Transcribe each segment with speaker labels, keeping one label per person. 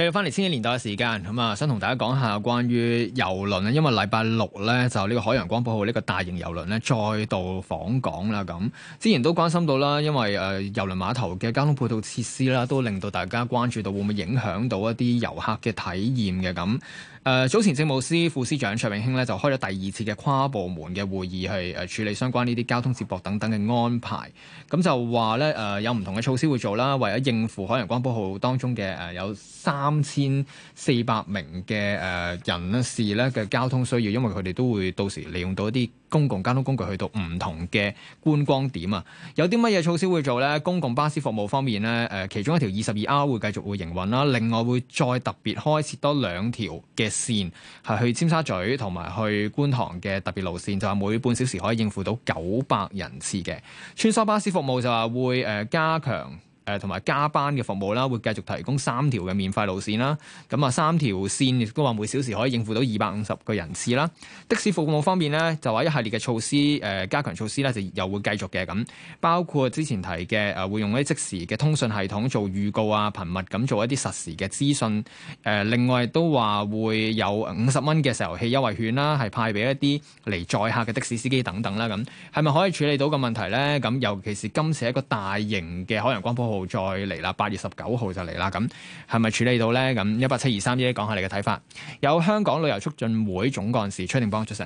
Speaker 1: 繼續翻嚟千禧年代嘅時間，咁啊，想同大家講下關於郵輪，因為禮拜六咧就呢個海洋光譜號呢個大型郵輪咧再度訪港啦。咁之前都關心到啦，因為誒、呃、郵輪碼頭嘅交通配套設施啦，都令到大家關注到會唔會影響到一啲遊客嘅體驗嘅咁。誒、呃、早前政務司副司長卓永興咧就開咗第二次嘅跨部門嘅會議，去誒處理相關呢啲交通接駁等等嘅安排。咁就話咧、呃、有唔同嘅措施會做啦，為咗應付海洋光譜號當中嘅、呃、有三千四百名嘅、呃、人士咧嘅交通需要，因為佢哋都會到時利用到一啲公共交通工具去到唔同嘅觀光點啊，有啲乜嘢措施會做呢？公共巴士服務方面呢，誒其中一條二十二 R 會繼續會營運啦，另外會再特別開設多兩條嘅線，係去尖沙咀同埋去觀塘嘅特別路線，就係每半小時可以應付到九百人次嘅穿梭巴士服務，就話會誒加強。誒同埋加班嘅服務啦，會繼續提供三條嘅免費路線啦。咁啊，三條線亦都話每小時可以應付到二百五十個人次啦。的士服務方面呢，就話一系列嘅措施誒加強措施咧，就又會繼續嘅咁。包括之前提嘅誒，會用一啲即時嘅通訊系統做預告啊，頻密咁做一啲實時嘅資訊。誒，另外都話會有五十蚊嘅石油氣優惠券啦，係派俾一啲嚟載客嘅的、的士司機等等啦。咁係咪可以處理到個問題呢？咁尤其是今次一個大型嘅海洋光譜號。再嚟啦！八月十九號就嚟啦，咁係咪處理到呢？咁一八七二三，依家講下你嘅睇法。有香港旅遊促進會總幹事崔定邦出席。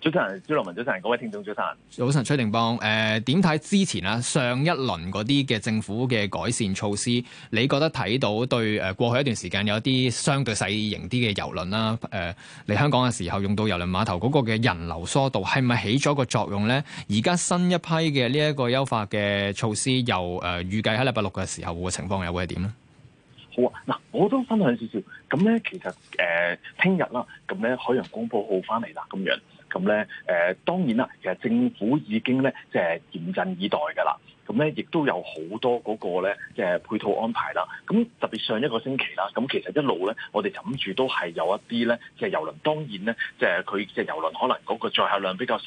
Speaker 2: 早晨，朱樂文，早晨，各位聽眾，早晨。
Speaker 1: 早晨，崔定邦，誒、呃，點睇之前啊？上一輪嗰啲嘅政府嘅改善措施，你覺得睇到對誒過去一段時間有啲相對細型啲嘅郵輪啦？誒、呃，嚟香港嘅時候用到郵輪碼頭嗰個嘅人流疏導，係咪起咗個作用咧？而家新一批嘅呢一個優化嘅措施又、呃，又誒預計喺禮拜六嘅時候個情況又會係點咧？
Speaker 2: 好啊，嗱，我都分享少少。咁咧，其實誒，聽日啦，咁咧海洋光譜號翻嚟啦，咁樣。咁咧，誒，呃，當然啦，其實政府已經咧，即係嚴陣以待㗎啦。咁咧，亦都有好多嗰個咧嘅配套安排啦。咁特別上一個星期啦，咁其實一路咧，我哋諗住都係有一啲咧，即係郵輪。當然咧，即係佢即係郵輪，可能嗰個載客量比較少。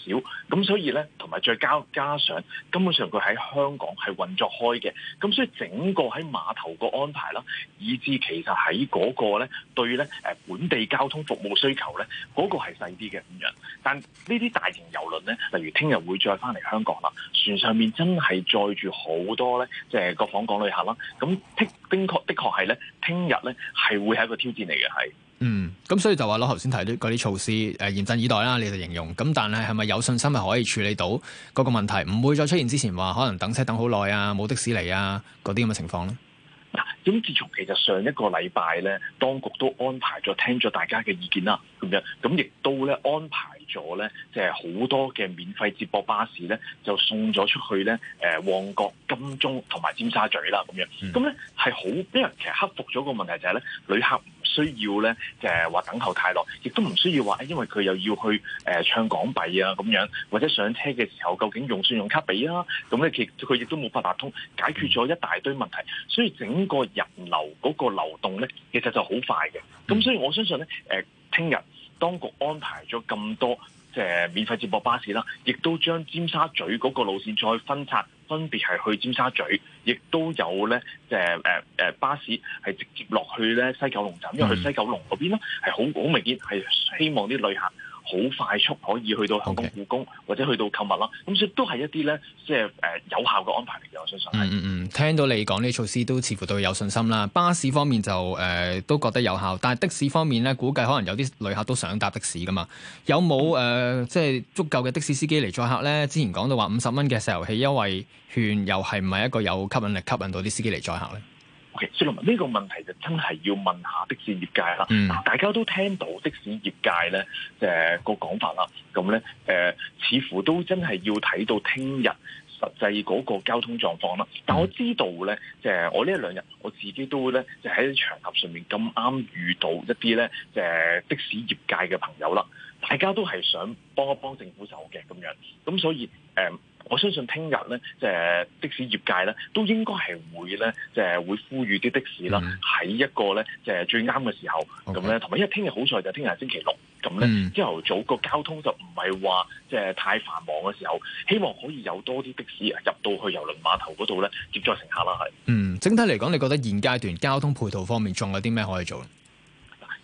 Speaker 2: 咁所以咧，同埋再加加上，根本上佢喺香港係運作開嘅。咁所以整個喺碼頭個安排啦，以至其實喺嗰個咧對咧誒本地交通服務需求咧，嗰個係細啲嘅咁樣。但呢啲大型郵輪咧，例如聽日會再翻嚟香港啦，船上面真係再對住好多咧，即係各訪港旅客啦。咁的確的確係咧，聽日咧係會係一個挑戰嚟嘅，係。嗯，
Speaker 1: 咁所以就話攞頭先提到嗰啲措施，誒嚴陣以待啦，你就形容。咁但係係咪有信心係可以處理到嗰個問題，唔會再出現之前話可能等車等好耐啊，冇的士嚟啊嗰啲咁嘅情況
Speaker 2: 咧？嗱，咁自從其實上一個禮拜咧，當局都安排咗聽咗大家嘅意見啦，咁樣，咁亦都咧安排。咗咧，就係好多嘅免費接駁巴士咧，就送咗出去咧。誒，旺角、金鐘同埋尖沙咀啦，咁樣，咁咧係好，俾人。其實克服咗個問題就係咧，旅客唔需要咧，就係話等候太耐，亦都唔需要話，因為佢又要去誒唱港幣啊，咁樣，或者上車嘅時候究竟用信用卡俾啊，咁咧佢佢亦都冇法打通，解決咗一大堆問題，所以整個人流嗰個流動咧，其實就好快嘅。咁、mm. 所以我相信咧，誒，聽日。當局安排咗咁多即係免費接駁巴士啦，亦都將尖沙咀嗰個路線再分拆，分別係去尖沙咀，亦都有咧即係誒誒巴士係直接落去咧西九龍站，因為去西九龍嗰邊咧係好好明顯係希望啲旅客。好快速可以去到香港故宮、okay. 或者去到購物咯，咁所以都係一啲咧，即係誒有效嘅安排嚟嘅。我相
Speaker 1: 信嗯嗯，聽到你講呢措施，都似乎都有信心啦。巴士方面就誒、呃、都覺得有效，但係的士方面咧，估計可能有啲旅客都想搭的士噶嘛。有冇誒即係足夠嘅的,的士司機嚟載客咧？之前講到話五十蚊嘅石油氣優惠券，又係唔係一個有吸引力，吸引到啲司機嚟載客咧？
Speaker 2: OK，呢個問題就真係要問下的士業界啦。嗱、mm.，大家都聽到的士業界咧，誒個講法啦。咁、呃、咧，誒似乎都真係要睇到聽日實際嗰個交通狀況啦。但我知道咧，誒、就係、我呢一兩日我自己都咧，就喺、是、場合上面咁啱遇到一啲咧，誒、就係、的士業界嘅朋友啦，大家都係想幫一幫政府手嘅咁樣。咁所以誒。呃我相信聽日咧，即係的士業界咧，都應該係會咧，即係會呼籲啲的士啦，喺一個咧，即係最啱嘅時候咁咧。同埋，因為聽日好彩，就聽日係星期六，咁咧朝頭早個交通就唔係話即係太繁忙嘅時候，希望可以有多啲的士入到去郵輪碼頭嗰度咧接載乘客啦。係。嗯，
Speaker 1: 整體嚟講，你覺得現階段交通配套方面仲有啲咩可以
Speaker 2: 做咧？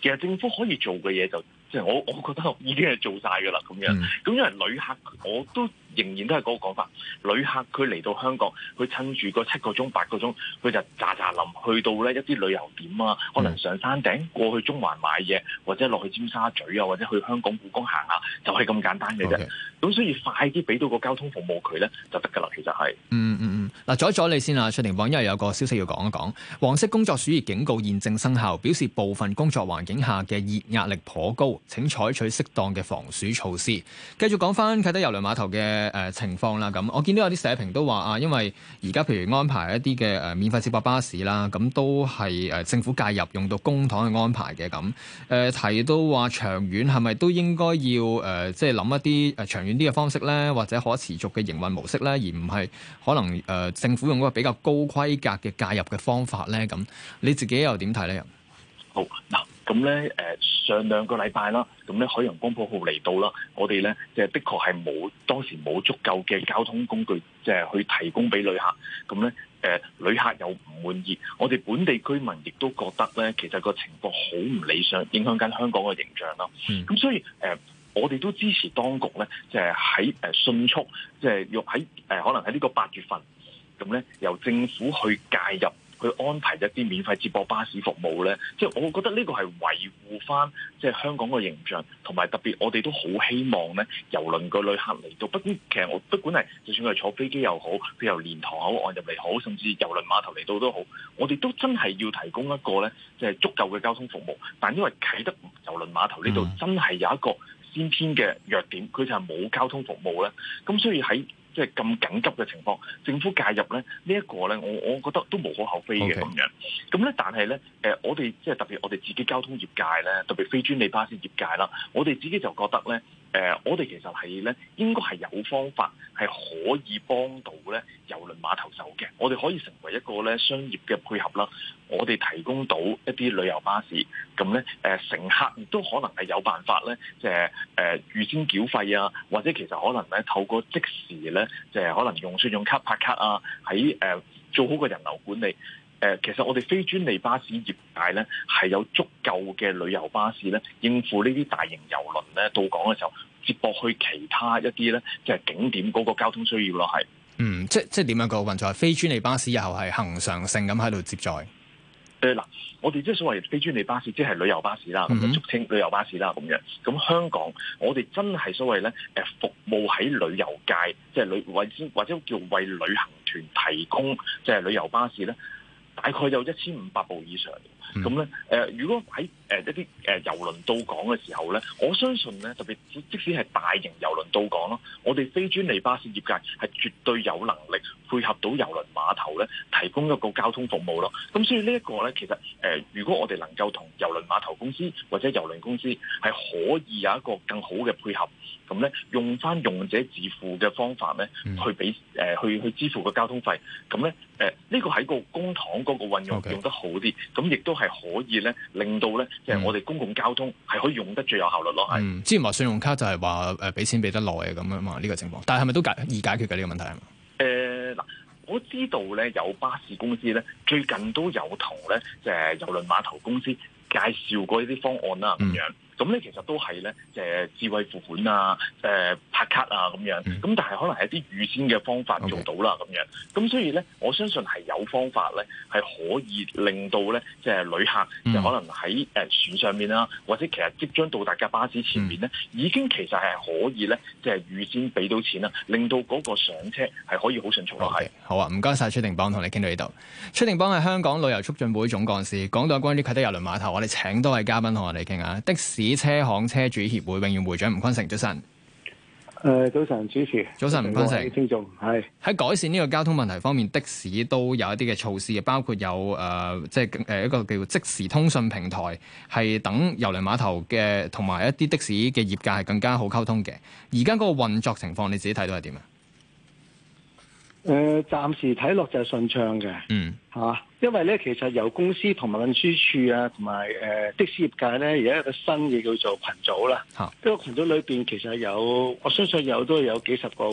Speaker 2: 其實政府可以做嘅嘢就即係我，我覺得我已經係做晒噶啦。咁樣咁，嗯，因為旅客我都。仍然都係嗰個講法，旅客佢嚟到香港，佢趁住個七個鐘、八個鐘，佢就咋咋冧去到呢一啲旅遊點啊，可能上山頂過去中環買嘢，或者落去尖沙咀啊，或者去香港故宮行下，就係、是、咁簡單嘅啫。咁、okay. 所以快啲俾到個交通服務佢呢，就得㗎啦。其實係。嗯嗯
Speaker 3: 嗯，
Speaker 1: 嗱，阻阻你先啊，崔定邦，因為有個消息要講一講。黃色工作暑熱警告現正生效，表示部分工作環境下嘅熱壓力頗高，請採取適當嘅防暑措施。繼續講翻啟德郵輪碼頭嘅。誒，情況啦，咁我見到有啲社評都話啊，因為而家譬如安排一啲嘅誒免費接駁巴士啦，咁都係誒政府介入用到公帑去安排嘅，咁誒、呃、提到話長遠係咪都應該要誒即係諗一啲誒長遠啲嘅方式咧，或者可持續嘅營運模式咧，而唔係可能誒、呃、政府用嗰個比較高規格嘅介入嘅方法咧，咁你自己又點睇咧？好
Speaker 2: 嗱，咁咧誒。上兩個禮拜啦，咁咧海洋光譜號嚟到啦，我哋咧即係的確係冇當時冇足夠嘅交通工具，即係去提供俾旅客。咁咧，誒旅客又唔滿意，我哋本地居民亦都覺得咧，其實個情況好唔理想，影響緊香港嘅形象啦。咁、嗯、所以我哋都支持當局咧，即係喺迅速，即係要喺可能喺呢個八月份，咁咧由政府去介入。佢安排一啲免費接駁巴士服務咧，即係我覺得呢個係維護翻即係香港個形象，同埋特別我哋都好希望咧郵輪個旅客嚟到，不管其實我不管係就算佢係坐飛機又好，佢由蓮塘口岸入嚟好，甚至郵輪碼頭嚟到都好，我哋都真係要提供一個咧即係足夠嘅交通服務。但因為啟德郵輪碼頭呢度真係有一個先天嘅弱點，佢就係冇交通服務咧，咁所以喺。即係咁緊急嘅情況，政府介入咧，這個，呢一個咧，我我覺得都無可厚非嘅咁，okay. 樣咁咧，但係咧，誒，我哋即係特別，我哋自己交通業界咧，特別非專利巴士業界啦，我哋自己就覺得咧。誒、呃，我哋其實係咧，應該係有方法係可以幫到咧郵輪碼頭手嘅。我哋可以成為一個咧商業嘅配合啦。我哋提供到一啲旅遊巴士，咁咧誒乘客亦都可能係有辦法咧，即係誒預先繳費啊，或者其實可能咧透過即時咧，即係可能用信用卡拍卡啊，喺誒、呃、做好個人流管理。誒，其實我哋非專利巴士業界咧，係有足夠嘅旅遊巴士咧，應付呢啲大型郵輪咧到港嘅時候，接駁去其他一啲咧，即係景點嗰個交通需要咯，係。嗯，
Speaker 1: 即即點樣個運作？非專利巴士以後係恒常性咁喺度接載。
Speaker 2: 誒嗱，我哋即係所謂非專利巴士，即係旅遊巴士啦，咁樣俗稱旅遊巴士啦，咁樣。咁香港，我哋真係所謂咧，誒服務喺旅遊界，即係旅為或者叫為旅行團提供，即係旅遊巴士咧。大概有一千五百部以上。咁咧，誒，如果喺一啲誒遊輪到港嘅時候咧，我相信咧，特別即使係大型遊輪到港咯，我哋非專利巴士業界係絕對有能力配合到遊輪碼頭咧，提供一個交通服務咯。咁所以呢一個咧，其實誒，如果我哋能夠同遊輪碼頭公司或者遊輪公司係可以有一個更好嘅配合，咁咧用翻用者自付嘅方法咧，去俾誒去去支付個交通費，咁咧誒呢個喺個公帑嗰個運用，okay，用得好啲，咁亦都，係可以咧，令到咧，即係我哋公共交通係可以用得最有效率咯，係。
Speaker 1: 嗯，之前話信用卡就係話誒，俾錢俾得耐啊咁樣嘛，呢個情況。但係係咪都解易解決嘅呢個問題
Speaker 2: 誒，嗱、嗯，我知道咧，有巴士公司咧，最近都有同咧，就係郵輪碼頭公司介紹過一啲方案啦，咁樣、嗯。咁咧其實都係咧，誒智慧付款啊，誒拍卡啊咁樣，咁但係可能係一啲預先嘅方法做到啦咁樣。咁、okay. 所以咧，我相信係有方法咧，係可以令到咧，即係旅客即係可能喺船上面啦，嗯、或者其實即將到達嘅巴士前面咧，嗯、已經其實係可以咧，即係預先俾到錢啦，令到嗰個上車係可以好順速咯。係、okay.，
Speaker 1: 好啊，唔該晒。崔定邦，同你傾到呢度。崔定邦係香港旅遊促進會總幹事，講到關於啟德郵輪碼頭，我哋請多位嘉賓同我哋傾下的士。的士車行車主協會永遠會長吳坤成，早晨。
Speaker 3: 誒、呃，早晨，主持。早晨，吳坤成，係
Speaker 1: 喺改善呢個交通問題方面，的士都有一啲嘅措施包括有，誒、呃，即係誒一個叫即時通訊平台，係等郵輪碼頭嘅同埋一啲的士嘅業界係更加好溝通嘅。而家嗰個運作情況，你自己睇到係點啊？
Speaker 3: 誒、呃，暫時睇落，就係順暢嘅，
Speaker 2: 嗯，
Speaker 3: 吓、啊，因為咧，其實由公司同埋運輸處啊，同埋誒的士業界咧，而家有個新嘢叫做群組啦，吓、啊，呢個群組裏邊其實有，我相信有都有幾十個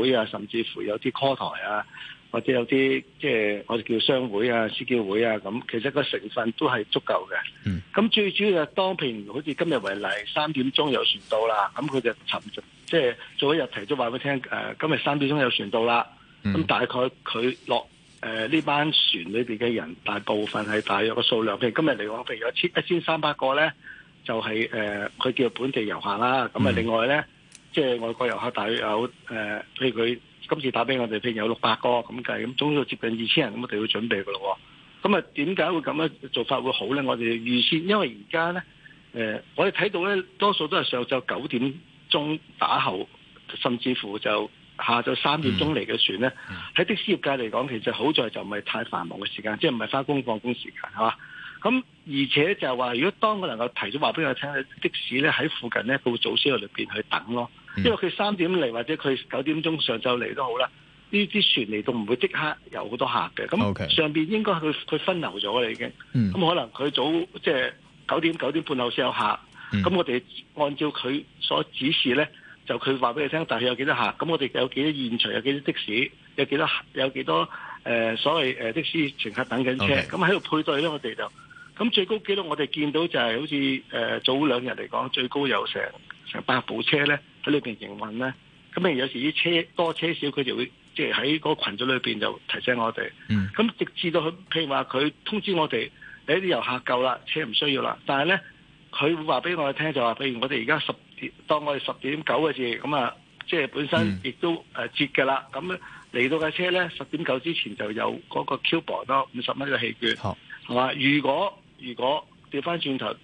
Speaker 3: 會啊，甚至乎有啲 call 台啊，或者有啲即係我哋叫商會啊、司機會啊，咁其實個成分都係足夠嘅，嗯，咁最主要就係當平，譬如好似今日為例，三點鐘有船到啦，咁佢就尋即係早一日提早話俾佢聽，誒、呃，今日三點鐘有船到啦。咁、嗯、大概佢落誒呢班船裏邊嘅人，大部分係大約個數量，譬如今日嚟講，譬如有千一千三百個咧，就係誒佢叫本地遊客啦。咁、嗯、啊，另外咧，即、就、係、是、外國遊客大約，大概有誒，譬如佢今次打俾我哋，譬如有六百個咁計，咁總數接近二千人咁，我哋要準備嘅咯。咁啊，點解會咁樣做法會好咧？我哋預先，因為而家咧誒，我哋睇到咧多數都係上晝九點鐘打後，甚至乎就。下晝三點鐘嚟嘅船咧，喺、嗯、的士業界嚟講，其實好在就唔係太繁忙嘅時間，即係唔係翻工放工時間，係嘛？咁而且就係話，如果當我能夠提早話俾我聽，的士咧喺附近咧到早先去裏邊去等咯、嗯，因為佢三點嚟或者佢九點鐘上晝嚟都好啦，呢啲船嚟到唔會即刻有好多客嘅。咁、okay，上邊應該係佢佢分流咗啦已經。咁、嗯嗯、可能佢早即係九點九點半後先有客。咁、嗯、我哋按照佢所指示咧。就佢話俾你聽，大約有幾多客？咁我哋有幾多現場？有幾多的士？有幾多有幾多誒、呃、所謂誒的士乘客等緊車？咁喺度配對咧，我哋就咁最高記錄，我哋見到就係、是、好似誒、呃、早兩日嚟講，最高有成成百部車咧喺裏邊營運咧。咁譬如有時啲車多車少，佢就會即係喺個群組裏邊就提醒我哋。咁、mm. 直至到佢譬如話佢通知我哋，誒啲遊客夠啦，車唔需要啦。但係咧，佢會話俾我哋聽就話，譬如我哋而家十。當我哋十點九嘅字，咁啊，即係本身亦都誒接嘅啦。咁、嗯、嚟到架車咧，十點九之前就有嗰個 coupon 咯，五十蚊嘅氣券。係嘛？如果如果掉翻轉頭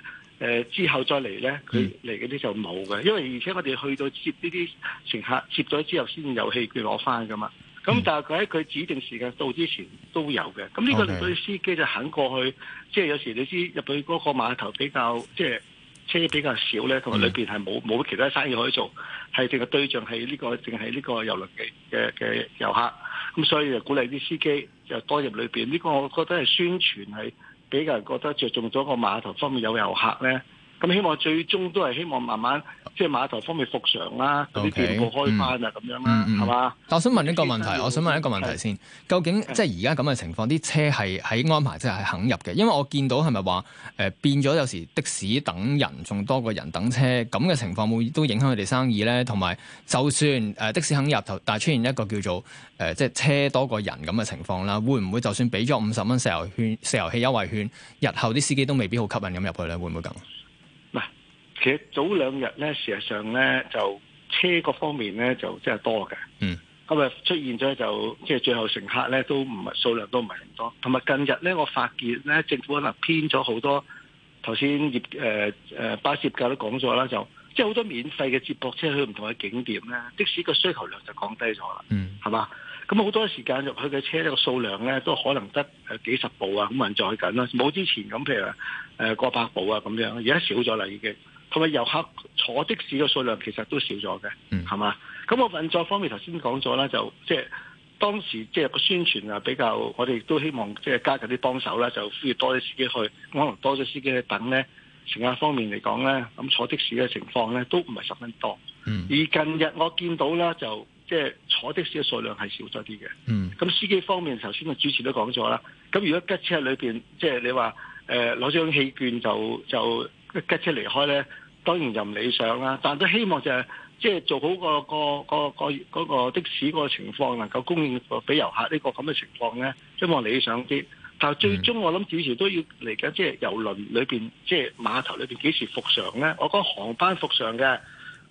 Speaker 3: 誒之後再嚟咧，佢嚟嗰啲就冇嘅，因為而且我哋去到接呢啲乘客，接咗之後先有氣券攞翻嘅嘛。咁但係佢喺佢指定時間到之前都有嘅。咁呢個令到司機就行過去，嗯、即係有時你知入去嗰個碼頭比較即係。車比較少咧，同埋裏邊係冇冇其他生意可以做，係定個對象係呢個，淨係呢個郵輪嘅嘅嘅遊客，咁所以就鼓勵啲司機就多入裏邊，呢個我覺得係宣傳係比較覺得着重咗個碼頭方面有遊客咧，咁希望最終都係希望慢慢。即係碼頭方面復常啦，嗰啲店鋪開翻啊、嗯，咁、就是、樣啦，係、嗯、嘛？
Speaker 1: 但我想問一個問題，我想問一個問題先，究竟即係而家咁嘅情況，啲車係喺安排即係肯入嘅？因為我見到係咪話誒變咗有時的士等人仲多過人等車咁嘅情況，會都影響佢哋生意咧？同埋就算誒的士肯入頭，但係出現一個叫做誒即係車多過人咁嘅情況啦，會唔會就算俾咗五十蚊石油券、石油氣優惠券，日後啲司機都未必好吸引咁入
Speaker 3: 去咧？會唔會咁？其實早兩日咧，事實上咧就車各方面咧就真係多嘅。嗯，咁啊出現咗就即係最後乘客咧都唔係數量都唔係咁多。同埋近日咧，我發現咧政府可能編咗好多。頭先業誒誒巴士業界都講咗啦，就即係好多免費嘅接駁車去唔同嘅景點咧，即係的士個需求量就降低咗啦。嗯、mm.，係嘛？咁好多時間入去嘅車個數量咧都可能得誒幾十部啊，咁多再載緊冇之前咁，譬如誒過百部啊咁樣，而家少咗啦已經。同埋遊客坐的士嘅數量其實都少咗嘅，係、嗯、嘛？咁我運作方面頭先講咗啦，就即係當時即係個宣傳啊，比較我哋亦都希望即係加緊啲幫手啦，就呼籲多啲司機去，可能多咗司機去等咧，乘客方面嚟講咧，咁坐的士嘅情況咧都唔係十分多、嗯。而近日我見到啦，就即係坐的士嘅數量係少咗啲嘅。咁、嗯、司機方面頭先個主持都講咗啦，咁如果吉車裏面，即係你話誒攞張氣券就就。急車離開咧，當然就唔理想啦、啊。但都希望就係即係做好個個個個嗰個的士嗰個情況，能夠供應到俾遊客呢個咁嘅情況咧，希望理想啲。但最終我諗，幾時都要嚟緊，即係遊輪裏邊，即係碼頭裏邊幾時復常咧？我講航班復常嘅，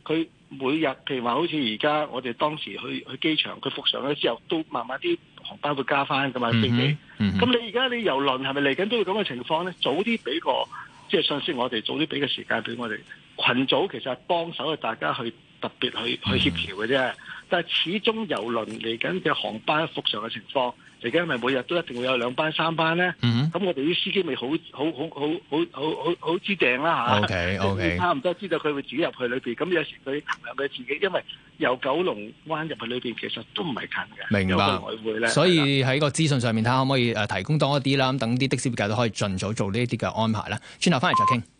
Speaker 3: 佢每日譬如話，好似而家我哋當時去去機場，佢復常咗之後，都慢慢啲航班會加翻㗎嘛飛機。咁、mm -hmm, mm -hmm. 你而家你遊輪係咪嚟緊都要咁嘅情況咧？早啲俾個即係上次我哋早啲俾個時間俾我哋群組，其實係幫手，係大家去特別去去協調嘅啫。Mm -hmm. 但係始終郵輪嚟緊嘅航班復常嘅情況，嚟緊係咪每日都一定會有兩班三班咧？咁、mm -hmm. 我哋啲司機咪好好好好好好好好知定啦嚇。咁、okay, okay. 差唔多知道佢會自己入去裏邊。咁有時佢朋友佢自己，因為由九龍灣入去裏邊，其實都唔係近嘅。明白。所以
Speaker 1: 喺個資訊上面，睇下可唔可以誒提供多一啲啦？咁等啲的士界都可以盡早做呢啲嘅安排咧。轉頭翻嚟再傾。